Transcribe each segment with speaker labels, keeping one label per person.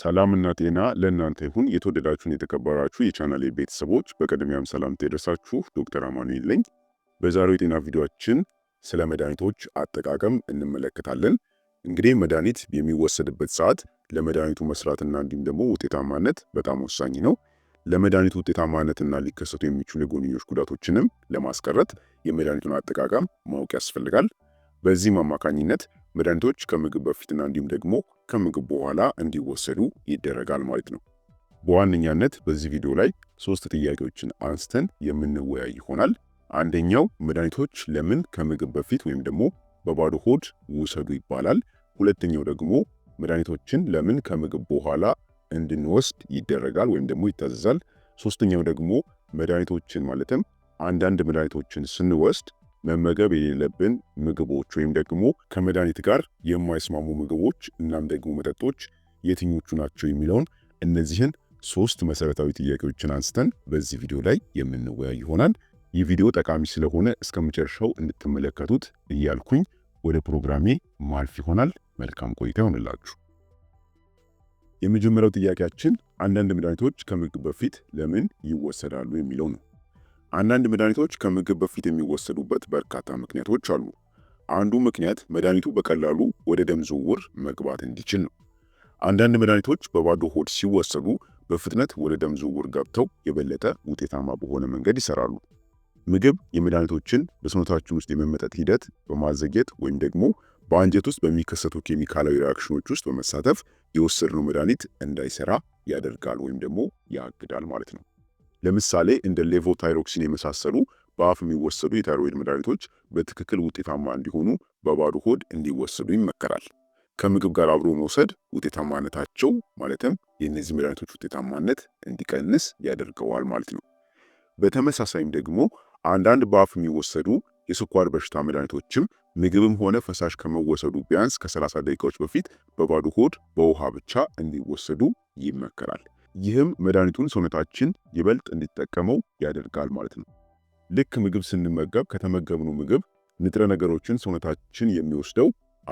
Speaker 1: ሰላምና ጤና ለእናንተ ይሁን። የተወደዳችሁን የተከበራችሁ የቻናሌ ቤተሰቦች በቅድሚያም ሰላምታ ይድረሳችሁ። ዶክተር አማኑኤል ነኝ። በዛሬው የጤና ቪዲዮችን ስለ መድኃኒቶች አጠቃቀም እንመለከታለን። እንግዲህ መድኃኒት የሚወሰድበት ሰዓት ለመድኃኒቱ መስራትና እንዲሁም ደግሞ ውጤታማነት በጣም ወሳኝ ነው። ለመድኃኒቱ ውጤታማነትና ሊከሰቱ የሚችሉ የጎንዮሽ ጉዳቶችንም ለማስቀረት የመድኃኒቱን አጠቃቀም ማወቅ ያስፈልጋል። በዚህም አማካኝነት መድኃኒቶች ከምግብ በፊትና እንዲሁም ደግሞ ከምግብ በኋላ እንዲወሰዱ ይደረጋል ማለት ነው። በዋነኛነት በዚህ ቪዲዮ ላይ ሶስት ጥያቄዎችን አንስተን የምንወያይ ይሆናል። አንደኛው መድኃኒቶች ለምን ከምግብ በፊት ወይም ደግሞ በባዶ ሆድ ውሰዱ ይባላል? ሁለተኛው ደግሞ መድኃኒቶችን ለምን ከምግብ በኋላ እንድንወስድ ይደረጋል ወይም ደግሞ ይታዘዛል? ሶስተኛው ደግሞ መድኃኒቶችን ማለትም አንዳንድ መድኃኒቶችን ስንወስድ መመገብ የሌለብን ምግቦች ወይም ደግሞ ከመድኃኒት ጋር የማይስማሙ ምግቦች እናም ደግሞ መጠጦች የትኞቹ ናቸው የሚለውን እነዚህን ሶስት መሰረታዊ ጥያቄዎችን አንስተን በዚህ ቪዲዮ ላይ የምንወያይ ይሆናል። ይህ ቪዲዮ ጠቃሚ ስለሆነ እስከ መጨረሻው እንድትመለከቱት እያልኩኝ ወደ ፕሮግራሜ ማልፍ ይሆናል። መልካም ቆይታ ይሆንላችሁ። የመጀመሪያው ጥያቄያችን አንዳንድ መድኃኒቶች ከምግብ በፊት ለምን ይወሰዳሉ የሚለው ነው። አንዳንድ መድኃኒቶች ከምግብ በፊት የሚወሰዱበት በርካታ ምክንያቶች አሉ። አንዱ ምክንያት መድኃኒቱ በቀላሉ ወደ ደም ዝውውር መግባት እንዲችል ነው። አንዳንድ መድኃኒቶች በባዶ ሆድ ሲወሰዱ በፍጥነት ወደ ደም ዝውውር ገብተው የበለጠ ውጤታማ በሆነ መንገድ ይሰራሉ። ምግብ የመድኃኒቶችን በሰውነታችን ውስጥ የመመጠጥ ሂደት በማዘግየት ወይም ደግሞ በአንጀት ውስጥ በሚከሰቱ ኬሚካላዊ ሪያክሽኖች ውስጥ በመሳተፍ የወሰድነው መድኃኒት እንዳይሰራ ያደርጋል ወይም ደግሞ ያግዳል ማለት ነው። ለምሳሌ እንደ ሌቮታይሮክሲን የመሳሰሉ በአፍ የሚወሰዱ የታይሮይድ መድኃኒቶች በትክክል ውጤታማ እንዲሆኑ በባዶ ሆድ እንዲወሰዱ ይመከራል። ከምግብ ጋር አብሮ መውሰድ ውጤታማነታቸው ማለትም የእነዚህ መድኃኒቶች ውጤታማነት እንዲቀንስ ያደርገዋል ማለት ነው። በተመሳሳይም ደግሞ አንዳንድ በአፍ የሚወሰዱ የስኳር በሽታ መድኃኒቶችም ምግብም ሆነ ፈሳሽ ከመወሰዱ ቢያንስ ከ30 ደቂቃዎች በፊት በባዶ ሆድ በውሃ ብቻ እንዲወሰዱ ይመከራል። ይህም መድኃኒቱን ሰውነታችን ይበልጥ እንዲጠቀመው ያደርጋል ማለት ነው። ልክ ምግብ ስንመገብ ከተመገብነው ምግብ ንጥረ ነገሮችን ሰውነታችን የሚወስደው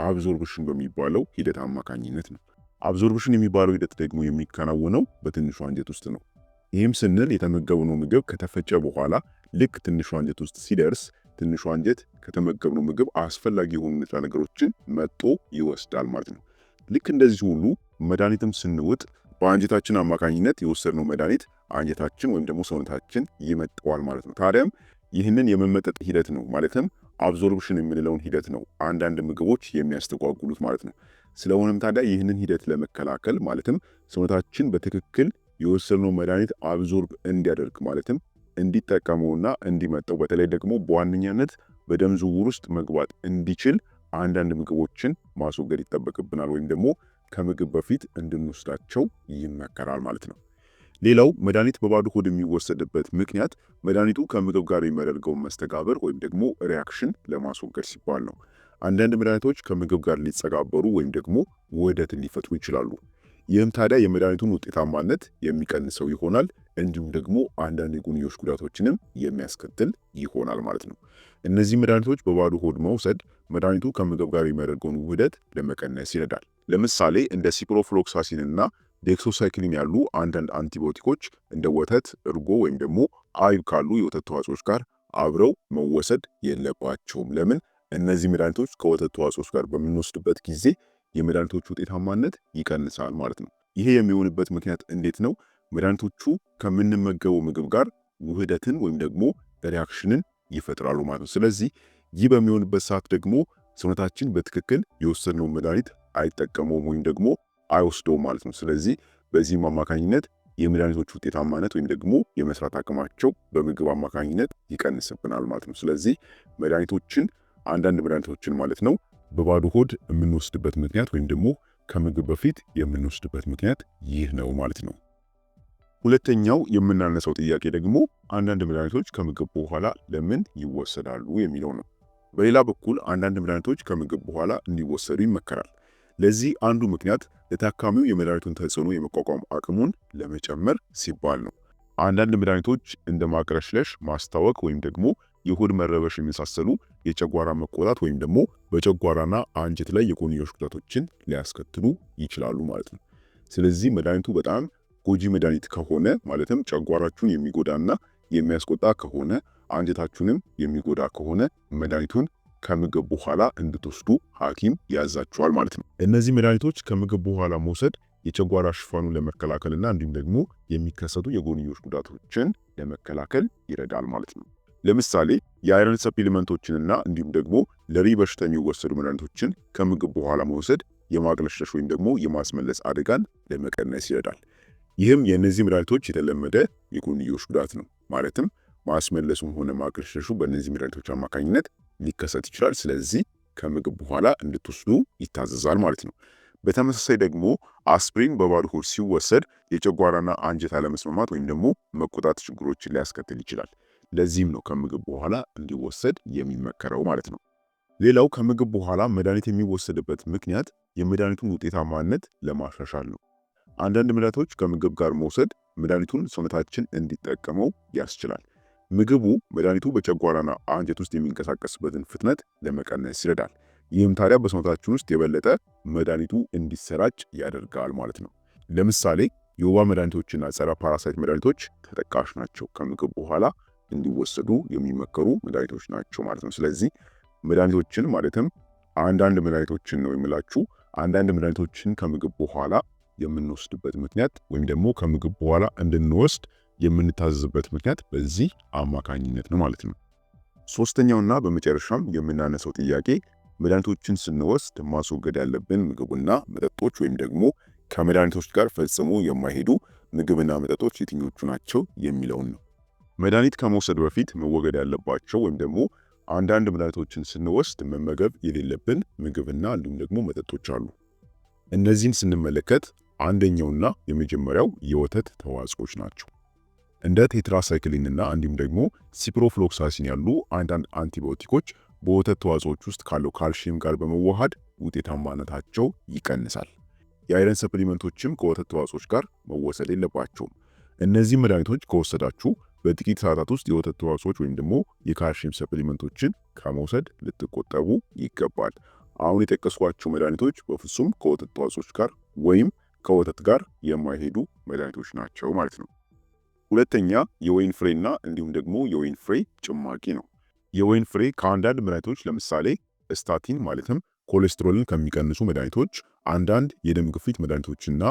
Speaker 1: አብዞርብሽን በሚባለው ሂደት አማካኝነት ነው። አብዞርብሽን የሚባለው ሂደት ደግሞ የሚከናወነው በትንሹ አንጀት ውስጥ ነው። ይህም ስንል የተመገብነው ምግብ ከተፈጨ በኋላ ልክ ትንሹ አንጀት ውስጥ ሲደርስ ትንሹ አንጀት ከተመገብነው ምግብ አስፈላጊ የሆኑ ንጥረ ነገሮችን መጦ ይወስዳል ማለት ነው። ልክ እንደዚህ ሁሉ መድኃኒትም ስንውጥ በአንጀታችን አማካኝነት የወሰድነው መድኃኒት አንጀታችን ወይም ደግሞ ሰውነታችን ይመጠዋል ማለት ነው። ታዲያም ይህንን የመመጠጥ ሂደት ነው ማለትም አብዞርብሽን የምንለውን ሂደት ነው አንዳንድ ምግቦች የሚያስተጓጉሉት ማለት ነው። ስለሆነም ታዲያ ይህንን ሂደት ለመከላከል ማለትም ሰውነታችን በትክክል የወሰድነው መድኃኒት አብዞርብ እንዲያደርግ ማለትም እንዲጠቀመውና እንዲመጠው በተለይ ደግሞ በዋነኛነት በደም ዝውውር ውስጥ መግባት እንዲችል አንዳንድ ምግቦችን ማስወገድ ይጠበቅብናል ወይም ደግሞ ከምግብ በፊት እንድንወስዳቸው ይመከራል ማለት ነው። ሌላው መድኃኒት በባዶ ሆድ የሚወሰድበት ምክንያት መድኃኒቱ ከምግብ ጋር የሚያደርገውን መስተጋበር ወይም ደግሞ ሪያክሽን ለማስወገድ ሲባል ነው። አንዳንድ መድኃኒቶች ከምግብ ጋር ሊጸጋበሩ ወይም ደግሞ ውህደት ሊፈጥሩ ይችላሉ። ይህም ታዲያ የመድኃኒቱን ውጤታማነት የሚቀንሰው ይሆናል። እንዲሁም ደግሞ አንዳንድ የጎንዮሽ ጉዳቶችንም የሚያስከትል ይሆናል ማለት ነው። እነዚህ መድኃኒቶች በባዶ ሆድ መውሰድ መድኃኒቱ ከምግብ ጋር የሚያደርገውን ውህደት ለመቀነስ ይረዳል። ለምሳሌ እንደ ሲፕሮፍሎክሳሲን እና ዴክሶሳይክሊን ያሉ አንዳንድ አንቲቢዮቲኮች እንደ ወተት፣ እርጎ ወይም ደግሞ አይብ ካሉ የወተት ተዋጽኦች ጋር አብረው መወሰድ የለባቸውም። ለምን? እነዚህ መድኃኒቶች ከወተት ተዋጽኦች ጋር በምንወስድበት ጊዜ የመድኃኒቶቹ ውጤታማነት ይቀንሳል ማለት ነው። ይሄ የሚሆንበት ምክንያት እንዴት ነው? መድኃኒቶቹ ከምንመገበው ምግብ ጋር ውህደትን ወይም ደግሞ ሪያክሽንን ይፈጥራሉ ማለት ነው። ስለዚህ ይህ በሚሆንበት ሰዓት ደግሞ ሰውነታችን በትክክል የወሰድነውን መድኃኒት አይጠቀመውም ወይም ደግሞ አይወስደውም ማለት ነው። ስለዚህ በዚህም አማካኝነት የመድኃኒቶች ውጤታማነት ወይም ደግሞ የመስራት አቅማቸው በምግብ አማካኝነት ይቀንስብናል ማለት ነው። ስለዚህ መድኃኒቶችን አንዳንድ መድኃኒቶችን ማለት ነው በባዶ ሆድ የምንወስድበት ምክንያት ወይም ደግሞ ከምግብ በፊት የምንወስድበት ምክንያት ይህ ነው ማለት ነው። ሁለተኛው የምናነሳው ጥያቄ ደግሞ አንዳንድ መድኃኒቶች ከምግብ በኋላ ለምን ይወሰዳሉ የሚለው ነው። በሌላ በኩል አንዳንድ መድኃኒቶች ከምግብ በኋላ እንዲወሰዱ ይመከራል። ለዚህ አንዱ ምክንያት ለታካሚው የመድኃኒቱን ተጽዕኖ የመቋቋም አቅሙን ለመጨመር ሲባል ነው። አንዳንድ መድኃኒቶች እንደ ማቅለሽለሽ፣ ማስታወክ ወይም ደግሞ የሆድ መረበሽ የመሳሰሉ የጨጓራ መቆጣት ወይም ደግሞ በጨጓራና አንጀት ላይ የጎንዮሽ ጉዳቶችን ሊያስከትሉ ይችላሉ ማለት ነው። ስለዚህ መድኃኒቱ በጣም ጎጂ መድኃኒት ከሆነ ማለትም ጨጓራችሁን የሚጎዳና የሚያስቆጣ ከሆነ አንጀታችሁንም የሚጎዳ ከሆነ መድኃኒቱን ከምግብ በኋላ እንድትወስዱ ሐኪም ያዛችኋል ማለት ነው። እነዚህ መድኃኒቶች ከምግብ በኋላ መውሰድ የጨጓራ ሽፋኑን ለመከላከልና እንዲሁም ደግሞ የሚከሰቱ የጎንዮሽ ጉዳቶችን ለመከላከል ይረዳል ማለት ነው። ለምሳሌ የአይረን ሰፕሊመንቶችንና እንዲሁም ደግሞ ለሪ በሽታ የሚወሰዱ መድኃኒቶችን ከምግብ በኋላ መውሰድ የማቅለሽለሽ ወይም ደግሞ የማስመለስ አደጋን ለመቀነስ ይረዳል። ይህም የእነዚህ መድኃኒቶች የተለመደ የጎንዮሽ ጉዳት ነው። ማለትም ማስመለሱም ሆነ ማቅለሽለሹ በእነዚህ መድኃኒቶች አማካኝነት ሊከሰት ይችላል። ስለዚህ ከምግብ በኋላ እንድትወስዱ ይታዘዛል ማለት ነው። በተመሳሳይ ደግሞ አስፕሪን በባዶ ሆድ ሲወሰድ የጨጓራና አንጀት አለመስማማት ወይም ደግሞ መቆጣት ችግሮችን ሊያስከትል ይችላል። ለዚህም ነው ከምግብ በኋላ እንዲወሰድ የሚመከረው ማለት ነው። ሌላው ከምግብ በኋላ መድኃኒት የሚወሰድበት ምክንያት የመድኃኒቱን ውጤታማነት ለማሻሻል ነው። አንዳንድ መድኃኒቶች ከምግብ ጋር መውሰድ መድኃኒቱን ሰውነታችን እንዲጠቀመው ያስችላል። ምግቡ መድኃኒቱ በጨጓራና አንጀት ውስጥ የሚንቀሳቀስበትን ፍጥነት ለመቀነስ ይረዳል። ይህም ታዲያ በሰውነታችን ውስጥ የበለጠ መድኃኒቱ እንዲሰራጭ ያደርጋል ማለት ነው። ለምሳሌ የወባ መድኃኒቶችና ጸረ ፓራሳይት መድኃኒቶች ተጠቃሽ ናቸው። ከምግብ በኋላ እንዲወሰዱ የሚመከሩ መድኃኒቶች ናቸው ማለት ነው። ስለዚህ መድኃኒቶችን ማለትም አንዳንድ መድኃኒቶችን ነው የምላችሁ። አንዳንድ መድኃኒቶችን ከምግብ በኋላ የምንወስድበት ምክንያት ወይም ደግሞ ከምግብ በኋላ እንድንወስድ የምንታዘዝበት ምክንያት በዚህ አማካኝነት ነው ማለት ነው። ሶስተኛውና በመጨረሻም የምናነሳው ጥያቄ መድኃኒቶችን ስንወስድ ማስወገድ ያለብን ምግብና መጠጦች ወይም ደግሞ ከመድኃኒቶች ጋር ፈጽሞ የማይሄዱ ምግብና መጠጦች የትኞቹ ናቸው የሚለውን ነው። መድኃኒት ከመውሰድ በፊት መወገድ ያለባቸው ወይም ደግሞ አንዳንድ መድኃኒቶችን ስንወስድ መመገብ የሌለብን ምግብና እንዲሁም ደግሞ መጠጦች አሉ። እነዚህን ስንመለከት አንደኛውና የመጀመሪያው የወተት ተዋጽኦች ናቸው። እንደ እና እንዲሁም ደግሞ ሲፕሮፍሎክሳሲን ያሉ አንዳንድ አንቲባዮቲኮች በወተት ተዋጽኦች ውስጥ ካለው ካልሽየም ጋር በመዋሃድ ውጤታማነታቸው ይቀንሳል። የአይረን ሰፕሊመንቶችም ከወተት ተዋጽኦች ጋር መወሰድ የለባቸውም። እነዚህ መድኃኒቶች ከወሰዳችሁ በጥቂት ሰዓታት ውስጥ የወተት ተዋጽኦች ወይም ደግሞ የካልሽየም ሰፕሊመንቶችን ከመውሰድ ልትቆጠቡ ይገባል። አሁን የጠቀስኳቸው መድኃኒቶች በፍጹም ከወተት ተዋጽኦች ጋር ወይም ከወተት ጋር የማይሄዱ መድኃኒቶች ናቸው ማለት ነው። ሁለተኛ የወይን ፍሬና እንዲሁም ደግሞ የወይን ፍሬ ጭማቂ ነው። የወይን ፍሬ ከአንዳንድ መድኃኒቶች ለምሳሌ ስታቲን ማለትም ኮሌስትሮልን ከሚቀንሱ መድኃኒቶች፣ አንዳንድ የደም ግፊት መድኃኒቶችና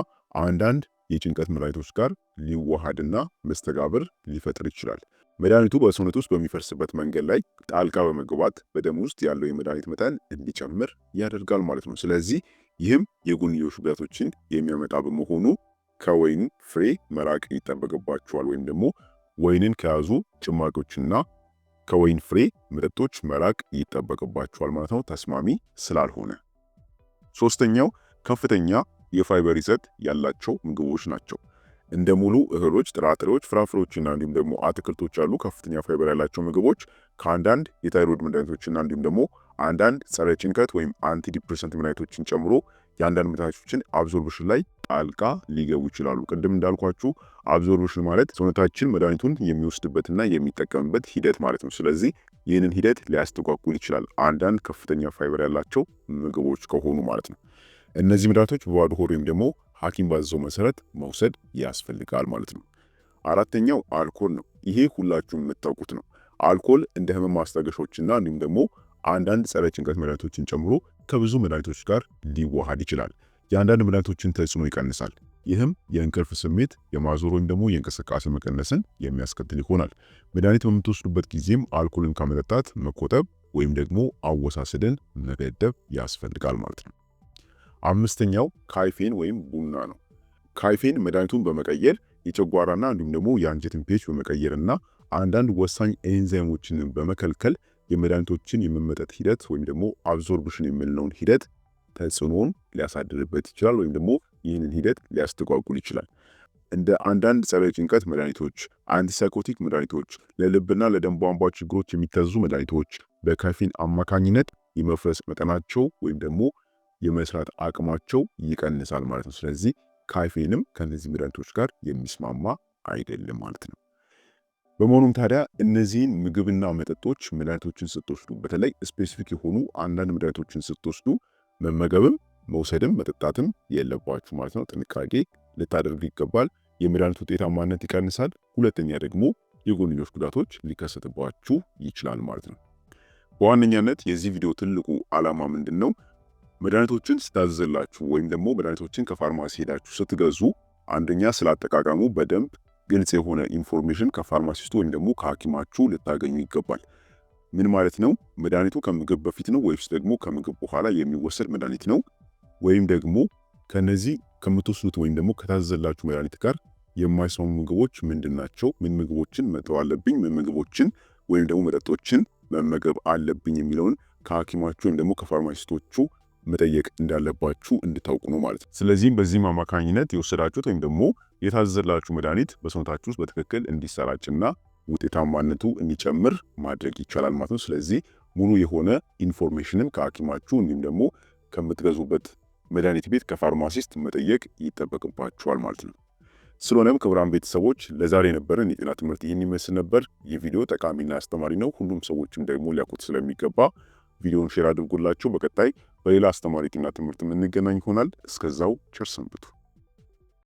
Speaker 1: አንዳንድ የጭንቀት መድኃኒቶች ጋር ሊዋሃድና መስተጋብር ሊፈጥር ይችላል። መድኃኒቱ በሰውነት ውስጥ በሚፈርስበት መንገድ ላይ ጣልቃ በመግባት በደም ውስጥ ያለው የመድኃኒት መጠን እንዲጨምር ያደርጋል ማለት ነው። ስለዚህ ይህም የጎንዮሽ ጉዳቶችን የሚያመጣ በመሆኑ ከወይን ፍሬ መራቅ ይጠበቅባቸዋል ወይም ደግሞ ወይንን ከያዙ ጭማቂዎችና ከወይን ፍሬ መጠጦች መራቅ ይጠበቅባቸዋል ማለት ነው፣ ተስማሚ ስላልሆነ። ሶስተኛው ከፍተኛ የፋይበር ይዘት ያላቸው ምግቦች ናቸው። እንደ ሙሉ እህሎች፣ ጥራጥሬዎች፣ ፍራፍሬዎችና እንዲሁም ደግሞ አትክልቶች ያሉ ከፍተኛ ፋይበር ያላቸው ምግቦች ከአንዳንድ የታይሮይድ መድኃኒቶችና እንዲሁም ደግሞ አንዳንድ ጸረ ጭንቀት ወይም አንቲዲፕሬሰንት መድኃኒቶችን ጨምሮ የአንዳንድ መድኃኒቶችን አብዞርብሽን ላይ ጣልቃ ሊገቡ ይችላሉ። ቅድም እንዳልኳችሁ አብዞርብሽን ማለት ሰውነታችን መድኃኒቱን የሚወስድበትና የሚጠቀምበት ሂደት ማለት ነው። ስለዚህ ይህንን ሂደት ሊያስተጓጉል ይችላል፣ አንዳንድ ከፍተኛ ፋይበር ያላቸው ምግቦች ከሆኑ ማለት ነው። እነዚህ መድኃኒቶች በባዶ ሆድ ወይም ደግሞ ሐኪም ባዘዘው መሰረት መውሰድ ያስፈልጋል ማለት ነው። አራተኛው አልኮል ነው። ይሄ ሁላችሁም የምታውቁት ነው። አልኮል እንደ ህመም ማስታገሻዎችና እንዲሁም ደግሞ አንዳንድ ጸረ ጭንቀት መድኃኒቶችን ጨምሮ ከብዙ መድኃኒቶች ጋር ሊዋሃድ ይችላል። የአንዳንድ መድኃኒቶችን ተጽዕኖ ይቀንሳል። ይህም የእንቅልፍ ስሜት፣ የማዞር ወይም ደግሞ የእንቅስቃሴ መቀነስን የሚያስከትል ይሆናል። መድኃኒት በምትወስዱበት ጊዜም አልኮልን ከመጠጣት መቆጠብ ወይም ደግሞ አወሳሰድን መገደብ ያስፈልጋል ማለት ነው። አምስተኛው ካይፌን ወይም ቡና ነው። ካይፌን መድኃኒቱን በመቀየር የጨጓራና እንዲሁም ደግሞ የአንጀትን ፔች በመቀየርና አንዳንድ ወሳኝ ኤንዛይሞችን በመከልከል የመድኃኒቶችን የመመጠጥ ሂደት ወይም ደግሞ አብዞርብሽን የምንለውን ሂደት ተጽዕኖውን ሊያሳድርበት ይችላል ወይም ደግሞ ይህንን ሂደት ሊያስተጓጉል ይችላል። እንደ አንዳንድ ጸረ ጭንቀት መድኃኒቶች፣ አንቲሳይኮቲክ መድኃኒቶች፣ ለልብና ለደም ቧንቧ ችግሮች የሚታዙ መድኃኒቶች በካፌን አማካኝነት የመፍረስ መጠናቸው ወይም ደግሞ የመስራት አቅማቸው ይቀንሳል ማለት ነው። ስለዚህ ካፌንም ከነዚህ መድኃኒቶች ጋር የሚስማማ አይደለም ማለት ነው። በመሆኑም ታዲያ እነዚህን ምግብና መጠጦች መድኃኒቶችን ስትወስዱ፣ በተለይ ስፔሲፊክ የሆኑ አንዳንድ መድኃኒቶችን ስትወስዱ መመገብም መውሰድም መጠጣትም የለባችሁ ማለት ነው። ጥንቃቄ ልታደርጉ ይገባል። የመድኃኒት ውጤታማነት ይቀንሳል። ሁለተኛ ደግሞ የጎንዮሽ ጉዳቶች ሊከሰትባችሁ ይችላል ማለት ነው። በዋነኛነት የዚህ ቪዲዮ ትልቁ ዓላማ ምንድን ነው? መድኃኒቶችን ስታዘላችሁ ወይም ደግሞ መድኃኒቶችን ከፋርማሲ ሄዳችሁ ስትገዙ አንደኛ ስላጠቃቀሙ በደንብ ግልጽ የሆነ ኢንፎርሜሽን ከፋርማሲስቱ ወይም ደግሞ ከሐኪማችሁ ልታገኙ ይገባል። ምን ማለት ነው? መድኃኒቱ ከምግብ በፊት ነው ወይስ ደግሞ ከምግብ በኋላ የሚወሰድ መድኃኒት ነው ወይም ደግሞ ከነዚህ ከምትወስዱት ወይም ደግሞ ከታዘዘላችሁ መድኃኒት ጋር የማይስማሙ ምግቦች ምንድን ናቸው? ምን ምግቦችን መተው አለብኝ? ምን ምግቦችን ወይም ደግሞ መጠጦችን መመገብ አለብኝ የሚለውን ከሐኪማችሁ ወይም ደግሞ ከፋርማሲስቶቹ መጠየቅ እንዳለባችሁ እንድታውቁ ነው ማለት ነው። ስለዚህም በዚህም አማካኝነት የወሰዳችሁት ወይም ደግሞ የታዘዘላችሁ መድኃኒት በሰውነታችሁ ውስጥ በትክክል እንዲሰራጭና ውጤታማነቱ እንዲጨምር ማድረግ ይቻላል ማለት ነው። ስለዚህ ሙሉ የሆነ ኢንፎርሜሽንን ከሐኪማችሁ እንዲሁም ደግሞ ከምትገዙበት መድኃኒት ቤት ከፋርማሲስት መጠየቅ ይጠበቅባችኋል ማለት ነው። ስለሆነም ክቡራን ቤተሰቦች ለዛሬ የነበረን የጤና ትምህርት ይህን ይመስል ነበር። የቪዲዮ ጠቃሚና አስተማሪ ነው፣ ሁሉም ሰዎችም ደግሞ ሊያውቁት ስለሚገባ ቪዲዮውን ሼር አድርጎላቸው። በቀጣይ በሌላ አስተማሪ የጤና ትምህርት የምንገናኝ ይሆናል። እስከዛው ቸር ሰንብቱ።